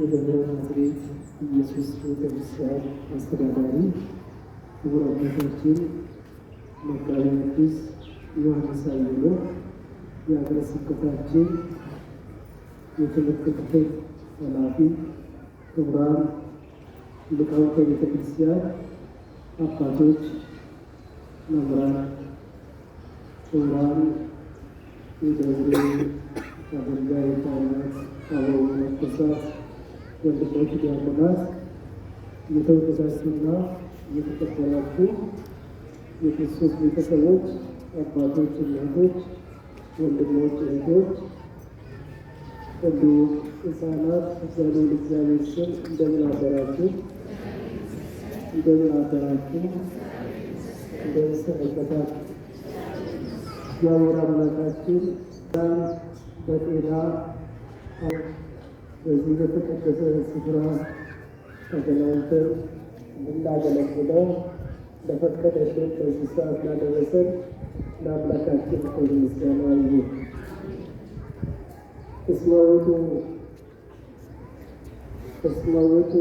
የደብረ ናዝሬት ኢየሱስ ቤተክርስቲያን አስተዳዳሪ ክቡር አባታችን መጋቤ ሐዲስ ዮሐንስ አየለ፣ የሀገረ ስብከታችን የትምህርት ክፍል ኃላፊ፣ ክቡራን ሊቃውንተ ቤተክርስቲያን ክርስቲያን አባቶች፣ መምህራን፣ ክቡራን የደብሩ አገልጋይ ካህናት፣ አበው መነኮሳት፣ ወንድሞች ዲያቆናት የተወደዳችሁና የተከበራችሁ የክርስቶስ ቤተሰቦች አባቶች፣ እናቶች፣ ወንድሞች፣ እህቶች እንዲሁም ህፃናት እግዚአብሔር እግዚአብሔር ስም እንደምን አደራችሁ? እንደምን አደራችሁ? እንደምን ሰነበታችሁ? እግዚአብሔር አምላካችን በጤና በዚህ በተቀደሰ ስፍራ ተገናኝተን እንድናገለግለው ለፈቀደልን በዚህ ሰዓት ላደረሰን ለአምላካችን ክብር ምስጋና ይሁን። እስመ ውጡ እስመ ውጡ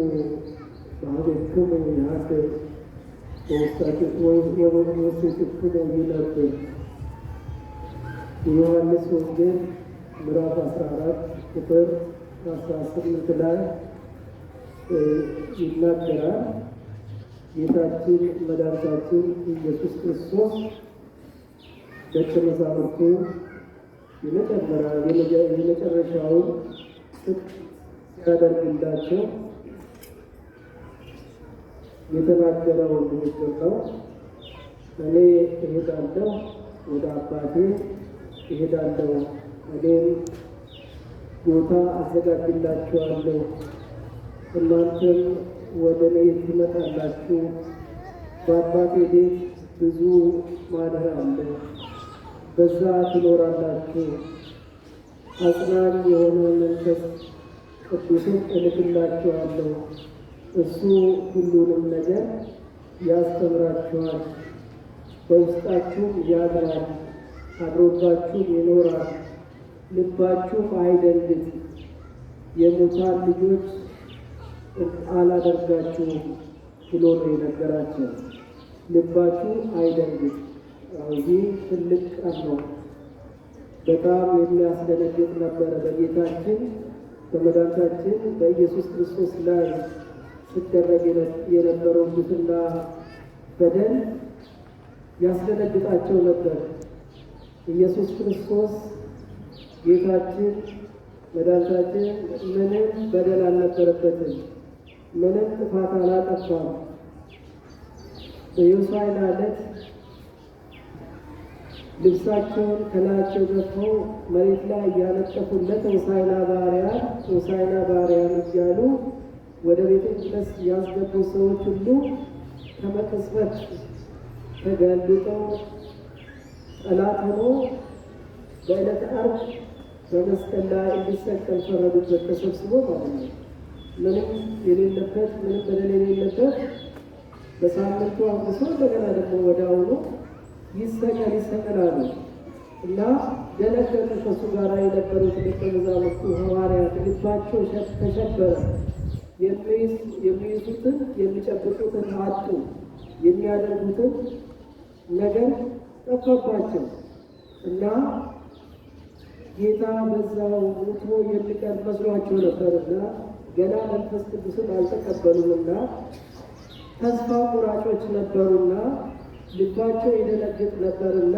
በሀቤክሙ ይሃትዕ በውስጣቲክሙ ወበውስጢክሙ ይነብር የዮሐንስ ወንጌል ምዕራፍ 14 ቁጥር 18 ላይ ይናገራል። ጌታችን መድኃኒታችን ኢየሱስ ክርስቶስ ደቀ መዛሙርቱ የመጨረሻውን ጽድቅ ሲያደርግላቸው የተናገረው ንግግር ነው። እኔ እሄዳለሁ፣ ወደ አባቴ እሄዳለሁ እኔም ቦታ አዘጋጅላችኋለሁ፣ እናንተም ወደ እኔ ትመጣላችሁ። በአባቴ ቤት ብዙ ማደር አለ፣ በዛ ትኖራላችሁ። አጽናኝ የሆነ መንፈስ ቅዱስን እልክላችኋለሁ፣ እሱ ሁሉንም ነገር ያስተምራችኋል፣ በውስጣችሁም ያድራል፣ አድሮባችሁም ይኖራል ልባችሁ አይደንግጥ። የሙታን ልጆች አላደርጋችሁም ብሎ ነው የነገራቸው። ልባችሁ አይደንግጥ። ይህ ትልቅ ቀን ነው። በጣም የሚያስደነግጥ ነበረ። በጌታችን በመድኃኒታችን በኢየሱስ ክርስቶስ ላይ ሲደረግ የነበረው ግፍና በደል ያስደነግጣቸው ነበር። ኢየሱስ ክርስቶስ ጌታችን መድኃኒታችን ምንም በደል አልነበረበትም፣ ምንም ጥፋት አላጠፋም። በዮሳይ ማለት ልብሳቸውን ከላያቸው ገፎ መሬት ላይ እያነጠፉለት ሆሳዕና በአርያም ሆሳዕና በአርያም እያሉ ወደ ቤተ መቅደስ ያስገቡ ሰዎች ሁሉ ከመቅጽበት ተገልብጠው ጠላት ሆኖ በዕለተ ዓርብ በመስቀል ላይ እንዲሰቀል ፈረዱበት ተሰብስቦ ማለት ነው። ምንም የሌለበት ምንም በደል የሌለበት በሳምንቱ አብሶ እንደገና ደግሞ ወደ አሁኑ ይሰቀል ይሰቀላሉ እና ደነገጡ። ከሱ ጋር የነበሩት ደቀ መዛሙርቱ ሐዋርያት ልባቸው ተሸበረ። የሚይዙትን የሚጨብጡትን አጡ። የሚያደርጉትን ነገር ጠፋባቸው እና ጌታ በዛው ሙቶ የሚቀር መስሏቸው ነበርና ገና መንፈስ ቅዱስን አልተቀበሉምና ተስፋ ቁራጮች ነበሩና ልባቸው ይደነግጥ ነበርና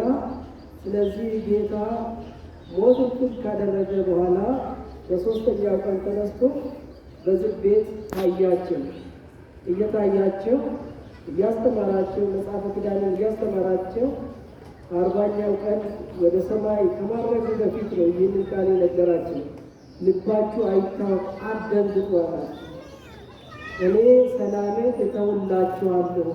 ስለዚህ ጌታ ሞትን ካደረገ በኋላ በሶስተኛ ቀን ተነስቶ በዚህ ቤት ታያቸው። እየታያቸው እያስተማራቸው መጽሐፈ ኪዳንን እያስተማራቸው አርባኛው ቀን ወደ ሰማይ ከማረጉ በፊት ነው ይህንን ቃል የነገራችን። ልባችሁ አይታወቅ አትደንግጧል። እኔ ሰላሜ እተውላችኋለሁ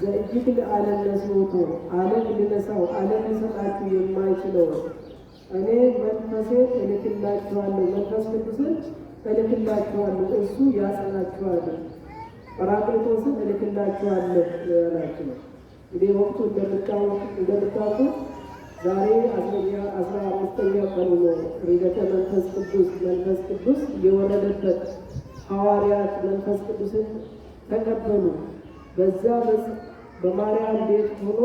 ዘእጅግ ለዓለም ነስቶ ዓለም ልነሳው ዓለም ልሰጣችሁ የማይችለው እኔ መንፈሴን እልክላችኋለሁ መንፈስ ቅዱስን እልክላችኋለሁ እሱ ያጸናችኋለሁ። ጰራቅሊጦስን እልክላችኋለሁ ያላችሁ ነው። እንግዲህ ወቅቱ እንደምታውቁ ዛሬ አስራ አምስተኛ ቀኑ ነው። ርደተ መንፈስ ቅዱስ መንፈስ ቅዱስ የወረደበት ሐዋርያት መንፈስ ቅዱስን ተቀበሉ። በዛ በማርያም ቤት ሆኖ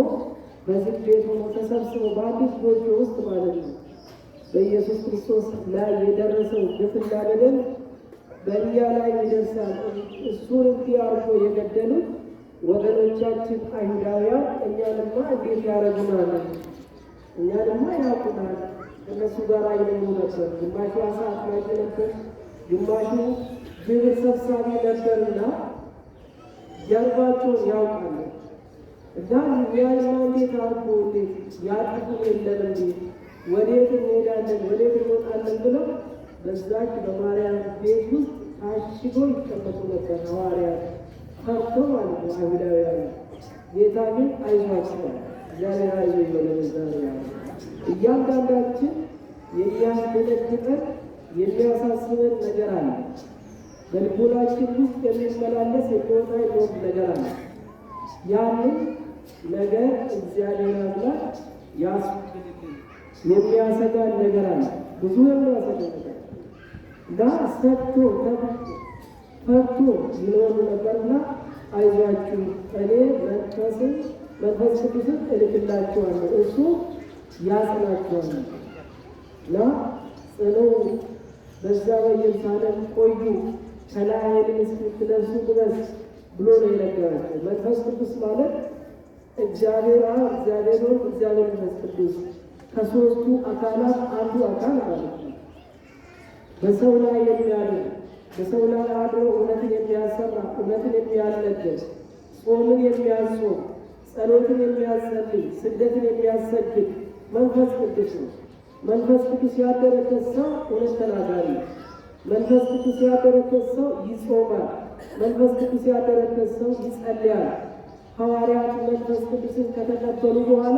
በዚህ ቤት ሆኖ ተሰብስበው በአዲስ ጎጆ ውስጥ ማለት ነው በኢየሱስ ክርስቶስ ላይ የደረሰው ግፍና በደል በእኛ ላይ ይደርሳል። እሱን እንዲህ አድርጎ የገደሉት ወገኖቻችን አይሁዳውያን እኛንማ እንዴት ያደረጉናል? እኛንማ ያውቁናል። እነሱ ጋር አይለሙ ነበር። ግማሹ አሳ አጥማጅ ነበር፣ ግማሹ ግብር ሰብሳቢ ነበርና ጀርባቸውን ያውቃሉ። እና እኛንማ እንዴት አርጎ እንዴት ያጥፉ የለም እንዴት ወዴት እንሄዳለን ወዴት እንወጣለን ብለው በዛች በማርያም ቤት ውስጥ ታሽጎ ይቀመጡ ነበር ሐዋርያት ፈርቶ ማለት ነው። አይሁዳውያን ጌታ ግን አይዟቸው እግዚአብሔር አይዞ ይበለበዛ እያንዳንዳችን የሚያስደነግጠን የሚያሳስበን ነገር አለ። በልቦናችን ውስጥ የሚመላለስ የቦታ የሆን ነገር አለ። ያንን ነገር እግዚአብሔር አምላክ ያስ የሚያሰጋን ነገር አለ። ብዙ የሚያሰጋ ነገር እና ሰጥቶ ተብቶ ፈርቶ ይኖሩ ነበርና አይዟችሁ እኔ መንፈስ መንፈስ ቅዱስን እልክላችኋለሁ እሱ ያጽናችኋል እና ጽኑ በዛ በኢየሩሳሌም ቆዩ ከላይ ኃይልን እስክትለብሱ ድረስ ብሎ ነው የነገራቸው። መንፈስ ቅዱስ ማለት እግዚአብሔር አ እግዚአብሔር ወ እግዚአብሔር መንፈስ ቅዱስ ከሶስቱ አካላት አንዱ አካል ማለት ነው በሰው ላይ የሚያደርግ በሰው ላይ አድሮ እውነትን የሚያሰራ እውነትን የሚያለግስ ጾምን የሚያጾም ጸሎትን የሚያጸልይ ስደትን የሚያሰግድ መንፈስ ቅዱስ ነው። መንፈስ ቅዱስ ያደረበት ሰው እውነት ተናጋሪ ነው። መንፈስ ቅዱስ ያደረበት ሰው ይጾማል። መንፈስ ቅዱስ ያደረበት ሰው ይጸልያል። ሐዋርያት መንፈስ ቅዱስን ከተቀበሉ በኋላ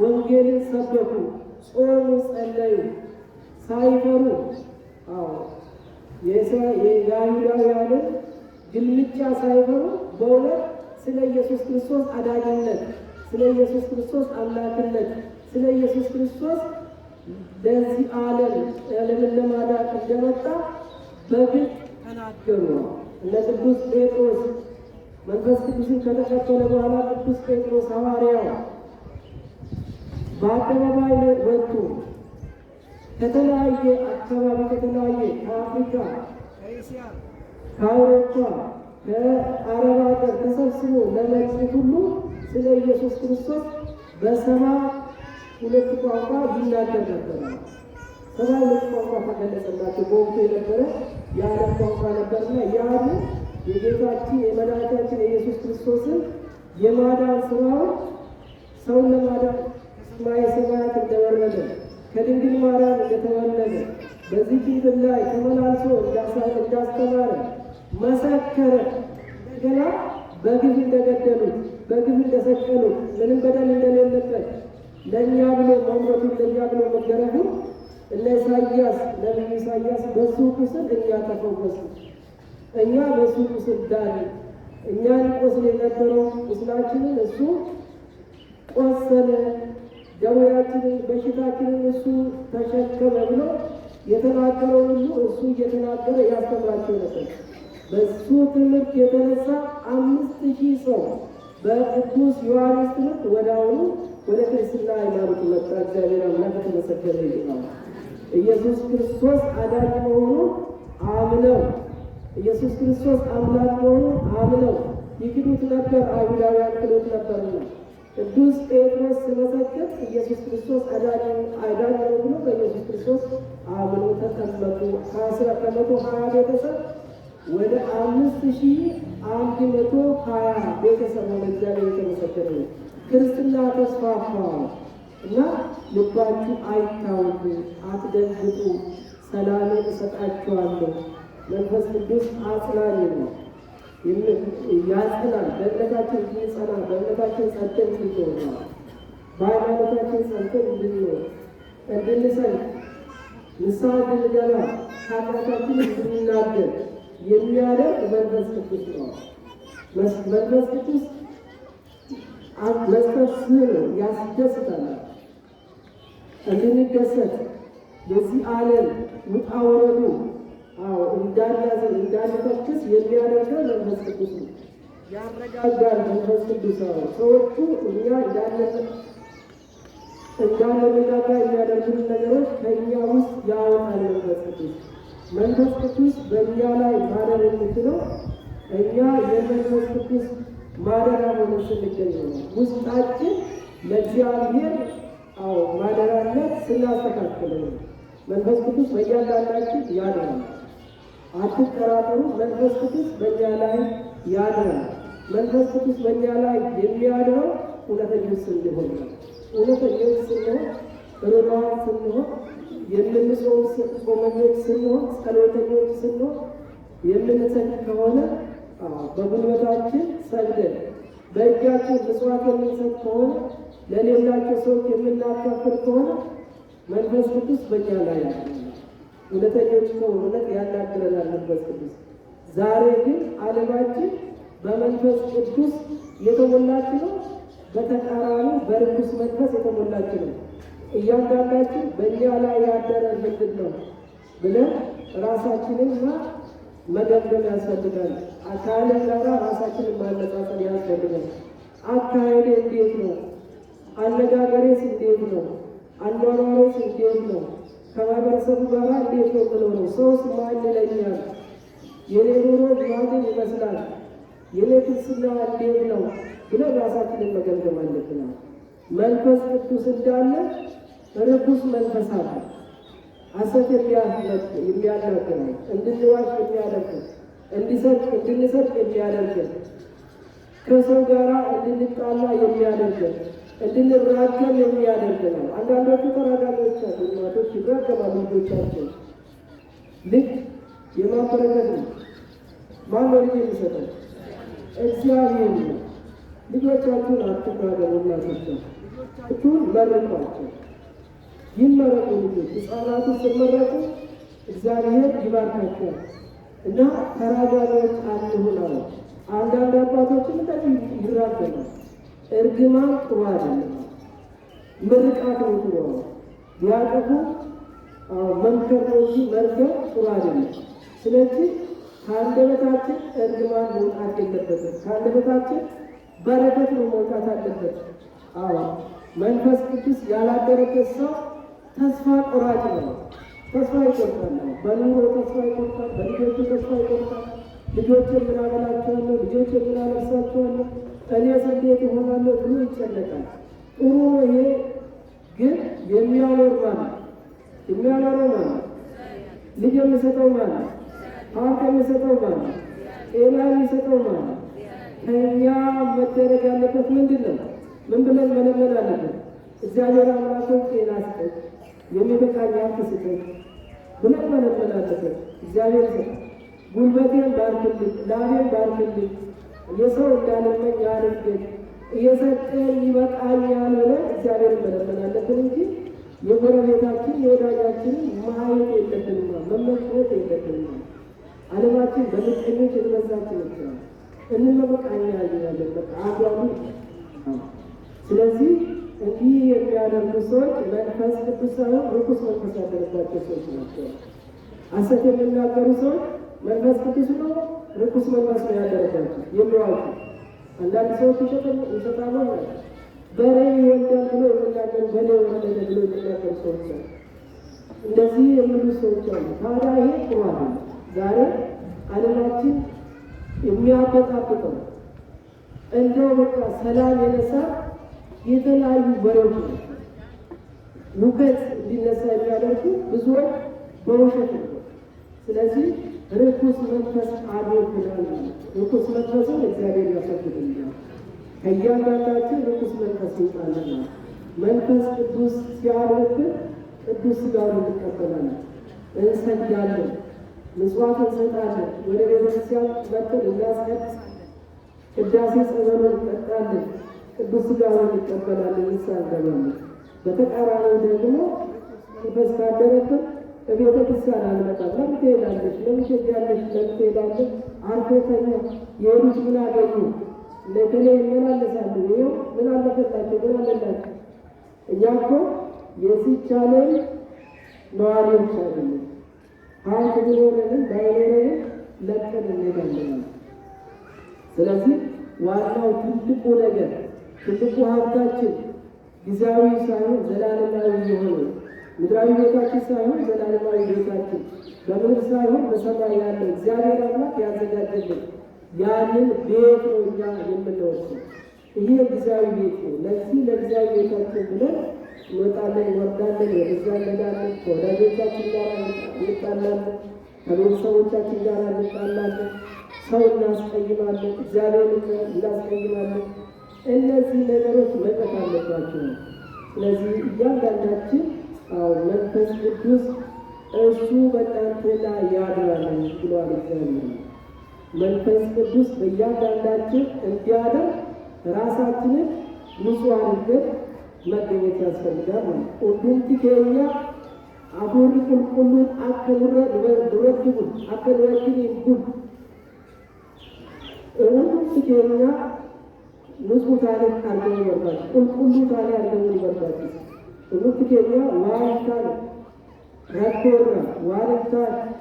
ወንጌልን ሰበኩ፣ ጾሙ፣ ጸለዩ ሳይፈሩ አዎ የአይሁዳውያንን ግልምጫ ሳይሆኑ በእውነት ስለ ኢየሱስ ክርስቶስ አዳኝነት፣ ስለ ኢየሱስ ክርስቶስ አምላክነት፣ ስለ ኢየሱስ ክርስቶስ ለዚህ ዓለም ዓለምን ለማዳን እንደመጣ በግልጽ ተናገሩ ነው። እነ ቅዱስ ጴጥሮስ መንፈስ ቅዱስን ከተቀበለ በኋላ ቅዱስ ጴጥሮስ ሐዋርያው በአደባባይ ወጡ። ከተለያየ አካባቢ ከተለያየ ከአፍሪካ፣ ከአውሮፓ፣ ከአረብ ሀገር ተሰብስቦ ለመግቢት ሁሉ ስለ ኢየሱስ ክርስቶስ በሰባ ሁለት ቋንቋ ይናገር ነበር። ሰባ ሁለት ቋንቋ ተገለጸላቸው። በወቅቱ የነበረ የዓለም ቋንቋ ነበርና ያን የጌታችን የመድኃኒታችን የኢየሱስ ክርስቶስን የማዳን ስራውን ሰውን ለማዳን ሰማየ ሰማያት እንደወረደ ከድንግል ማርያም እንደተወለደ በዚህ ላይ ተመላልሶ እንዳስተማረ መሰከረ። እንደገና በግፍ እንደገደሉት፣ በግፍ እንደሰቀሉት፣ ምንም በደል እንደሌለበት ለእኛ ብሎ መምረቱን ለእኛ ብሎ መገረፉን እነ ኢሳያስ ነቢዩ ኢሳያስ በሱ ቁስል እኛ ተፈወሱ፣ እኛ በሱ ቁስል ዳን፣ እኛን ቆስል የነበረው ቁስላችንን እሱ ቆሰለ ደዌያችንን በሽታችንን እሱ ተሸከመ ብሎ የተናገረው ሁሉ እሱ እየተናገረ ያስተምራቸው ነበር። በሱ ትምህርት የተነሳ አምስት ሺህ ሰው በቅዱስ ዮሐንስ ትምህርት ወደ አሁኑ ወደ ክርስትና ሃይማኖት መጣ። እግዚአብሔር አምላክ የተመሰገነ ይሆናል። ኢየሱስ ክርስቶስ አዳጅ መሆኑ አምነው ኢየሱስ ክርስቶስ አምላክ መሆኑ አምነው ይክዱት ነበር። አይሁዳውያን ክዶት ነበርና ቅዱስ ጴጥሮስ ሲመሰክር ኢየሱስ ክርስቶስ አዳኝ ነው ብሎ በኢየሱስ ክርስቶስ አምኖ ተጠመቁ። ከአስራ ከመቶ ሀያ ቤተሰብ ወደ አምስት ሺ አንድ መቶ ሀያ ቤተሰብ ወደ እግዚአብሔር የተመሰከረ ነው። ክርስትና ተስፋፋ እና ልባችሁ አይታወቁ፣ አትደንግጡ፣ ሰላምን እሰጣችኋለሁ መንፈስ ቅዱስ አጽናኝ ነው። ያዝናል። በእምነታችን እንድንጸና በእምነታችን ጸንተን እንድንኖር በሃይማኖታችን ጸንተን እንድንኖር እንድንሰልፍ ንስሐ እንድንገባ ኃጢአታችን እንድንናገር የሚያደርግ መንፈስ ቅዱስ ነው። መንፈስ ቅዱስ መስጠት ስል ያስደስታል። እንድንደሰት የዚህ ዓለም ውጣ ውረዱ እንዳንፈክስ የሚያደርገው መንፈስ ቅዱስ ነው። ያረጋጋል መንፈስ ቅዱስ ነው። ሰዎቹ እኛ እንዳንረጋጋ የሚያደርጉን ነገሮች ከእኛ ውስጥ ያወጣል መንፈስ ቅዱስ። መንፈስ ቅዱስ በእኛ ላይ ማደር የምችለው እኛ የመንፈስ ቅዱስ ማደሪያ ሆነን ስንገኝ ነው። ውስጣችን ለእግዚአብሔር አዎ ማደሪያነት ስናስተካክል ነው። መንፈስ ቅዱስ በእያንዳንዳችን ያድራል። አትጠራጠሩ፣ መንፈስ ቅዱስ በእኛ ላይ ያድራል። መንፈስ ቅዱስ በእኛ ላይ የሚያድረው እውነተኞች ስንሆን ነው። እውነተኞች ስንሆን፣ ርኅሩሃን ስንሆን፣ የምንጾም ጾመኞች ስንሆን፣ ጸሎተኞች ስንሆን፣ የምንሰግድ ከሆነ በጉልበታችን ሰግደን በእጃችን ምጽዋት የምንሰጥ ከሆነ ለሌላቸው ሰዎች የምናካፍል ከሆነ መንፈስ ቅዱስ በእኛ ላይ ያድራል። እውነተኞች ከሆነት ያናግረናል መንፈስ ቅዱስ። ዛሬ ግን ዓለማችን በመንፈስ ቅዱስ የተሞላች ነው፣ በተቃራኒ በርኩስ መንፈስ የተሞላች ነው። እያንዳንዳችን በእኛ ላይ ያደረ ምንድን ነው ብለን ራሳችንና መገምገም ያስፈልጋል። አካል ጋራ ራሳችንን ማነጻጸር ያስፈልጋል። አካሄዴ እንዴት ነው? አነጋገሬስ እንዴት ነው? አኗኗሬስ እንዴት ነው? ከማህበረሰቡ ጋር እንዴት ነው ብለው ነው ሰውስ ማን ይለኛል? የኔ ኑሮ ማትን ይመስላል? የኔ ፍልስና እንዴት ነው ብለን ራሳችንን መገምገም አለብን። መንፈስ ቅዱስ እንዳለ ርኩስ መንፈስ አለ። ሐሰት የሚያደርግ ነው፣ እንድንዋሽ የሚያደርግ እንዲሰጥ እንድንሰጥ የሚያደርግ ከሰው ጋራ እንድንጣላ የሚያደርግ እንድንራገም የሚያደርግ ነው። አንዳንዶቹ ተራጋሚዎች አሉ። እናቶች ይራገማሉ ልጆቻቸው። ልጅ የማበረከት ነው። ማን ነው ልጅ የሚሰጠው? እግዚአብሔር ነው። ልጆቻችሁን አትራገሙ። እናቶች እቱን መርቋቸው፣ ይመረቁ ልጆች። ህፃናቱ ስመረቁ እግዚአብሔር ይባርካቸዋል እና ተራጋሚዎች አንሁን አለ። አንዳንድ አባቶችም እንደዚህ ይራገማል እርግማን ጥሩ አይደለም። ምርቃት ነው ጥሩ ነው። ቢያጠፉ መምከር ነው እንጂ መርገም ጥሩ አይደለም። ስለዚህ ከአንደበታችን እርግማን መውጣት የለበትም። ከአንደበታችን በረከት ነው መውጣት አለበት። አዎ መንፈስ ቅዱስ ያላደረበት ሰው ተስፋ ቆራጭ ነው። ተስፋ ይቆርጣል። በኑሮ ተስፋ ይቆርጣል። በልጆቹ ተስፋ ይቆርጣል። ልጆች የምናበላቸዋለሁ፣ ልጆች የምናለብሳቸዋለሁ እኔ እንዴት እሆናለሁ ብሎ ይጨነቃል። ጥሩ ይሄ ግን የሚያኖር ማለት የሚያኖረው ማለት ልጅ የሚሰጠው ማለት ሀብት የሚሰጠው ማለት ጤና የሚሰጠው ማለት ከእኛ መደረግ ያለበት ምንድን ነው? ምን ብለን መለመን አለበት? እግዚአብሔር አምላክን ጤና ስጠት፣ የሚበቃኝ ሀብት ስጠት ብለን መለመን አለበት። እግዚአብሔር ስጠት፣ ጉልበቴን ባርክልኝ፣ ላቤን ባርክልኝ የሰው እንዳለመኝ ያድርገን እየሰጠ ይበቃኛል ብለን እግዚአብሔር መለመን አለብን እንጂ የጎረቤታችን የወዳጃችንን ማየት የለብንማ፣ መመልከት የለብንማ። ዓለማችን በምቀኞች የተመዛች ነች። እንመቃኛለን ያለን አዷሉ። ስለዚህ እንዲህ የሚያደርጉ ሰዎች መንፈስ ቅዱስ ሳይሆን ርኩስ መንፈስ ያደረባቸው ሰዎች ናቸው። ሐሰት የሚናገሩ ሰዎች መንፈስ ቅዱስ ነው ርኩስ መንፈስ ነው ያደረባቸው የሚዋሹ አንዳንድ ሰዎች ይሸጣሉ። በሬ ይወልዳል ብሎ የምናገር በሬ ወለደ ብሎ የምናገር ሰዎች አሉ። እንደዚህ የሚሉ ሰዎች አሉ። ታዲያ ይሄ ቁማር ነው። ዛሬ ዓለማችን የሚያበጣብጠው እንደው በቃ ሰላም የነሳ የተለያዩ በሬዎች ነው ሙቀት እንዲነሳ የሚያደርጉ ብዙዎች በውሸት ነው። ስለዚህ ርኩስ መንፈስ አድርግናል። ርኩስ መንፈስን እግዚአብሔር ያስወግድልናል። ከእያንዳንዳችን ርኩስ መንፈስ ይውጣልናል። መንፈስ ቅዱስ ሲያደርግን ቅዱስ ሥጋውን እንቀበላለን፣ እንሰግዳለን፣ ምጽዋት እንሰጣለን። ወደ ቤተክርስቲያን መጥተን እናስቀድስ፣ ቅዳሴ ጸበሉን እንጠጣለን፣ ቅዱስ ሥጋውን እንቀበላለን፣ እንሳገባለን። በተቃራኒው ደግሞ መንፈስ ካደረብን ቤተ ክርስቲያን አልመጣም። ለምን ትሄዳለች? ለምን ትሄዳለች? ለምን ትሄዳለች? አንተ ተኛ። የሄዱት ምን አገኙ? ለተለይ መላለሳሉ። ይኸው ምን አለፈላቸው? ምን አለላቸው? እኛ እኮ የሲቻለን ነዋሪዎች አይደለም። ሀይት ቢኖረንም ባይኖረንም ለቀን እንሄዳለን። ስለዚህ ዋናው ትልቁ ነገር ትልቁ ሀብታችን ጊዜያዊ ሳይሆን ዘላለማዊ የሆነ ምድራዊ ቤታችን ሳይሆን ዘላለማዊ ቤታችን በምድር ሳይሆን በሰማይ ያለ እግዚአብሔር አምላክ ያዘጋጀልን ያንን ቤት ነው እኛ የምንወስደው። ይሄ ጊዜያዊ ቤት ነው። ለዚህ ለጊዜያዊ ቤታችን ብለን እንወጣለን፣ ወርዳለን፣ ወደዛ እንሄዳለን፣ ከወዳጆቻችን ጋር እንጣላለን፣ ከቤተሰቦቻችን ጋር እንጣላለን፣ ሰው እናስቀይማለን፣ እግዚአብሔር እናስቀይማለን። እነዚህ ነገሮች መጠት አለባቸው። ስለዚህ እያንዳንዳችን መንፈስ ቅዱስ እሱ በእናንተ ላይ ያድራል ብሏል። እግዚአብሔር መንፈስ ቅዱስ በእያንዳንዳችን እንዲያደር ራሳችንን ንጹሕ አድርገን መገኘት ያስፈልጋል። ሁሉም ትገኛ አሁን ቁልቁሉን አከልረ ድረድቡን አከልረግን ይጉል ሁሉም ትገኛ ንጹሕ ታሪክ አርገው ይበርባል። ቁልቁሉ ታሪክ አርገው ይበርባል። Umusikeria waarisaan rakkoorra waarisaan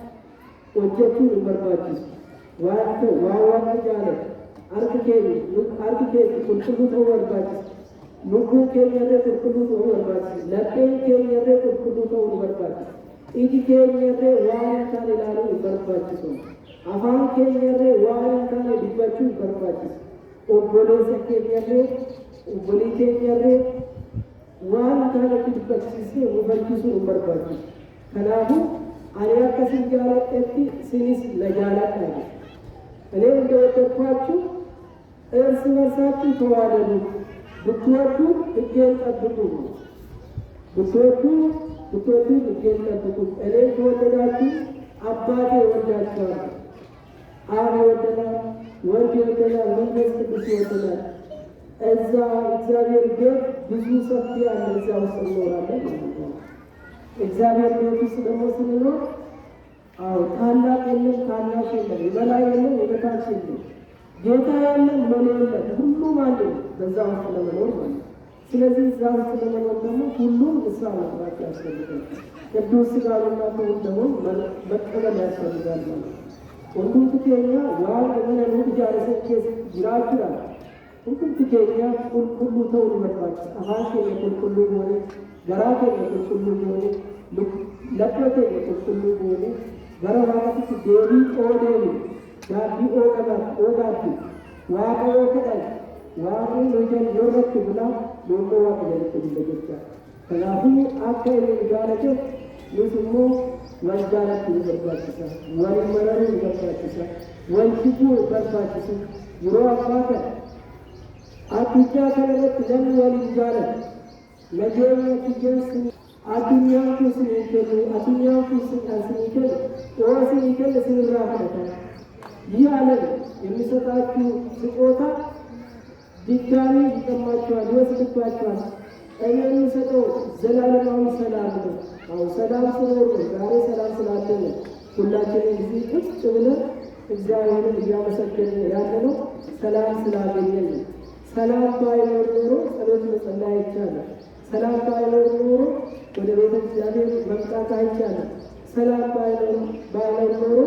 hojjechuun hin barbaachisu. Waan ta'e waan waaqni jaalatu harki keenya harki keenya qulqulluu ta'uu barbaachisa. Lubbuu keenya illee qulqulluu ta'uu barbaachisa. Lapheen keenya illee qulqulluu ta'uu nu barbaachisa. Iji keenya illee waan hin taane ilaaluu hin barbaachisu. Afaan keenya illee waan hin taane dubbachuu hin barbaachisu. Obboleessa keenya illee obbolii keenya illee ውሃን ከለኪትበት ጊዜ ውበኪሱ ኡበርባች ከናፉ አኔያከሲን ጃለጤቲ ሲኒስ ለጃለጥ ነ እኔ እንደወደድኳችሁ እርስ በርሳችሁ ተዋደዱ፣ ብትወዱ ሕጌን ጠብቁ። ብትወዱ ብትወዱ ሕጌን ጠብቁ። እኔ ከወደዳችሁ አባቴ ወዳችኋል። አብ ይወደናል፣ ወልድ ይወደናል፣ መንፈስ ቅዱስ ይወደናል። እዛ እግዚአብሔር ቤት ብዙ ሰፊ አለ። እዚያ ውስጥ እንኖራለን። እግዚአብሔር ቤት ውስጥ ደግሞ ስንኖር አዎ ታላቅ የለም፣ ታናሽ የለም፣ የበላይ የለም፣ የበታች የለም፣ ጌታ የለም፣ ምን የለም፣ ሁሉም አለ በዛ ውስጥ ለመኖር ማለት ስለዚህ እዛ ውስጥ ለመኖር ደግሞ ሁሉም እሳ መጥራት ያስፈልጋል። ቅዱስ ሥጋውንና ክቡር ደሙን መቀበል ያስፈልጋል ማለት ወንዱም ትቴኛ ዋል የመነኑ ብጃ ረሰቼ ይላችላል እንትን ኬኛ ቁልቁሉ ተውን ይመስላች አሃ ኬኛ ቁልቁሉ ሆነ ገራ ኬኛ ቁልቁሉ ሆነ ለቅመ ኬኛ ቁልቁሉ ሆነ ገረ ዋቀት ዴቢ ኦዴኒ ዳቢ ኦቀባ ኦዳቢ ዋቀ ኦከዳይ ዋቀ ሎጀን ጆረት ብላ ሎቆ ዋቀ ጀልኩ ጀቻ ከዛሁ አከ የሚጋለቸ ንስሞ ወልጃለት ይበርባችሳ ወልመረሩ ይበርባችሳ ወልሽቡ ይበርባችሳ ይሮ አባከ አዱኛ ከለበት ዘን ወሊድ ይባላል። መጆም ያትጀን ስኒ አዱኛ ኩስን አዱኛ ኩስን አስን ይከሉ ወስን ይህ ዓለም የሚሰጣችሁ ስጦታ ድጋሚ ይጠማችኋል፣ ይወስድባችኋል። እኔ የሚሰጠው ዘላለማዊ ሰላም ነው። አሁን ሰላም ስለሆነ ዛሬ ሰላም ስላለ ነው ሁላችንም እዚህ ቁጭ ብለን እግዚአብሔርን እያመሰገን ያለ ነው ሰላም ስላገኘን ነው። ሰላም ባይኖር ኖሮ ጸሎት መጸለይ አይቻልም። ሰላም ባይኖር ኖሮ ወደ ቤተ እግዚአብሔር መምጣት አይቻልም። ሰላም ባይኖር ኖሮ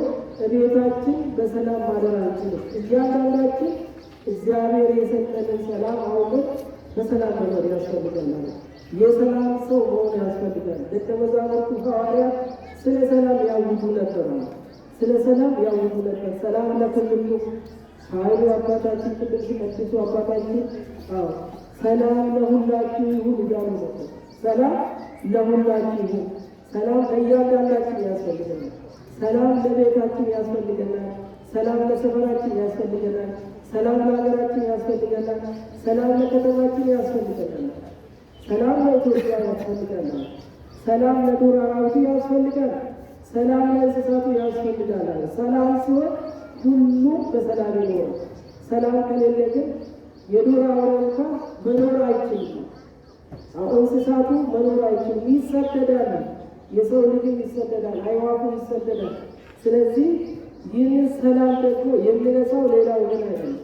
እቤታችን በሰላም ማደር አንችልም። እያንዳንዳችን እግዚአብሔር የሰጠንን ሰላም አውቀን በሰላም መኖር ያስፈልገናል። የሰላም ሰው መሆን ያስፈልጋል። ደቀ መዛሙርቱ ሐዋርያት ስለ ሰላም ያውጁ ነበር፣ ስለ ሰላም ያውጁ ነበር። ሰላም ለክልሉ ሀይሉ አባታችን ቅዱስ መክሱ አባታችን ሰላም ለሁላችሁ ይሁን እያሉ ነበር። ሰላም ለሁላችሁ ይሁን። ሰላም ለእያንዳንዳችን ያስፈልገናል። ሰላም ለቤታችን ያስፈልገናል። ሰላም ለሰፈራችን ያስፈልገናል። ሰላም ለሀገራችን ያስፈልገናል። ሰላም ለከተማችን ያስፈልገናል። ሰላም ለኢትዮጵያ ያስፈልገናል። ሰላም ለዱር አራዊቱ ያስፈልጋል። ሰላም ለእንስሳቱ ያስፈልጋል። ሰላም ሲሆን ሁሉ በሰላም ይኖሩ። ሰላም ከሌለ ግን የዱር አውራ እንኳ መኖር አይችልም። አሁን እንስሳቱ መኖር አይችልም፣ ይሰደዳል። የሰው ልጅም ይሰደዳል፣ አይዋፉ ይሰደዳል። ስለዚህ ይህን ሰላም ደግሞ የሚነሳው ሌላ ወገን አይደለም፣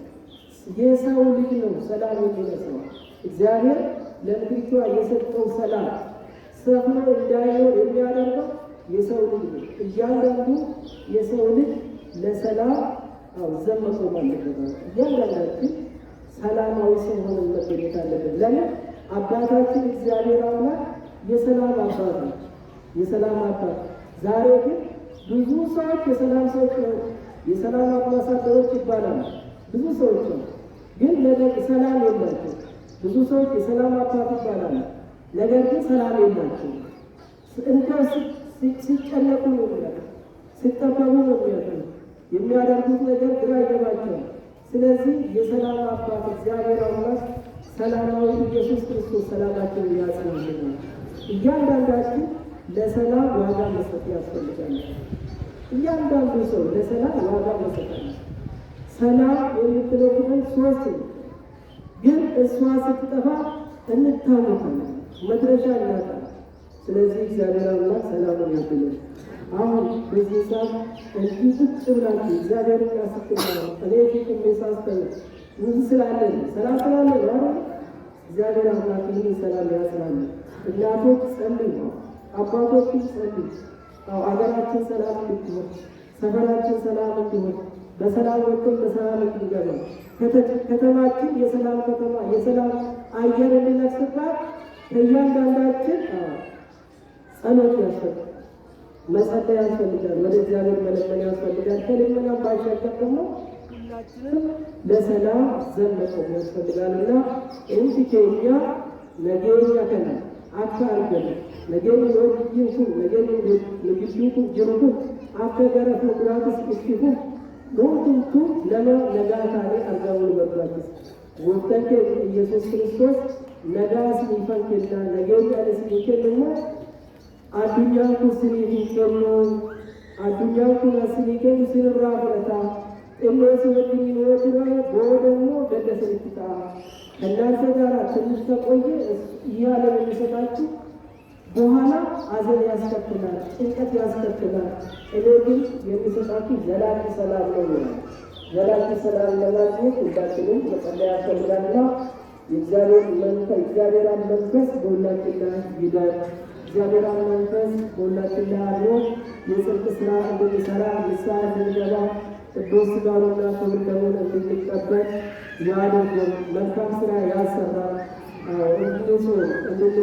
የሰው ልጅ ነው። ሰላም የሚነሳው እግዚአብሔር ለምድሪቷ የሰጠው ሰላም ሰፍኖ እንዳይኖር የሚያደርገው የሰው ልጅ ነው። እያንዳንዱ የሰው ልጅ ለሰላም ዘመቶ ማለበት እያንዳንዳችን ሰላማዊ ሲሆን መገኘት አለብን። ለምን አባታችን እግዚአብሔር አምላክ የሰላም አባት ነው። የሰላም አባት ዛሬ ግን ብዙ ሰዎች የሰላም ሰዎች ነው፣ የሰላም አምባሳደሮች ይባላሉ። ብዙ ሰዎች ነው ግን ነገር ሰላም የላቸው። ብዙ ሰዎች የሰላም አባት ይባላሉ፣ ነገር ግን ሰላም የላቸው። እንደ ሲጨነቁ ነው የሚያውቁ፣ ሲጠበቡ ነው የሚያውቁ የሚያደርጉት ነገር ግራ አይገባቸውም። ስለዚህ የሰላም አባት እግዚአብሔር አምላክ ሰላማዊ ኢየሱስ ክርስቶስ ሰላማችን ያጸናልና እያንዳንዳችን ለሰላም ዋጋ መስጠት ያስፈልጋል። እያንዳንዱ ሰው ለሰላም ዋጋ መስጠት ሰላም የምትለው ክፍል ሶስት ነው። ግን እሷ ስትጠፋ እንታወቃለን፣ መድረሻ እናጣ። ስለዚህ እግዚአብሔር አምላክ ሰላሙን ያድለን። አሁን በዚህ ሰዓት እንዲህ ቁጭ ብላችሁ እግዚአብሔርን ያስገባለ እኔ ፊት ሳስተነ ምን ስላለን ሰላም ስላለን ያ እግዚአብሔር አምላክ ምን ይሰራል ያስላለ። እናቶች ጸልዩ፣ አባቶች ጸልዩ። አው አገራችን ሰላም እንዲሆን፣ ሰፈራችን ሰላም እንዲሆን፣ በሰላም ወጥተን በሰላም እንዲገባ ከተማችን የሰላም ከተማ የሰላም አየር እንድናስባት ከእያንዳንዳችን ጸሎት ያስፈልጋል። መጸለይ ያስፈልጋል። ወደ እግዚአብሔር መለመን ያስፈልጋል። ከልመና ባሻገር ደግሞ ሁላችንም ለሰላም ዘመቶ ያስፈልጋል እና እንዲ ከኛ ነገኛ ከና አካ አርገን ነገኝ ወጅንኩ ነገኝ ንግጅንኩ ጅሩኩ አካ ገረፍ ምኩራትስ ሞትንቱ ለመ ነጋታኔ አርጋውን በርባትስ ወተንከ ኢየሱስ ክርስቶስ ነጋስ ሊፈንክና ነገኝ አለስ ሊከልና addunyaa isiniif kennuun addunyaa kun asinii kennu sinirraa fudhata xinnoo simattiin yoo tura booda immoo gadda sinitti ta'a ከእናንተ ጋር ትንሽ ተቆየ እያለ የሚሰጣችሁ በኋላ አዘን ያስከትላል፣ ጭንቀት ያስከትላል። እኔ ግን የሚሰጣችሁ ዘላቂ ሰላም ነው ይላል። ዘላቂ ሰላም ለማግኘት ሁላችንም መጸለይ ያስፈልጋልና የእግዚአብሔር መንፈስ በሁላችን ላይ ይደር። እግዚአብሔር መንፈስ በሁላችን ላይ አድሮ የጽድቅ ስራ እንድንሰራ ንሳ እንድንገባ ቅዱስ ሥጋውንና ክቡር ደሙን እንድንቀበል ያደርገን መልካም ስራ ያሰራ እንድንሱ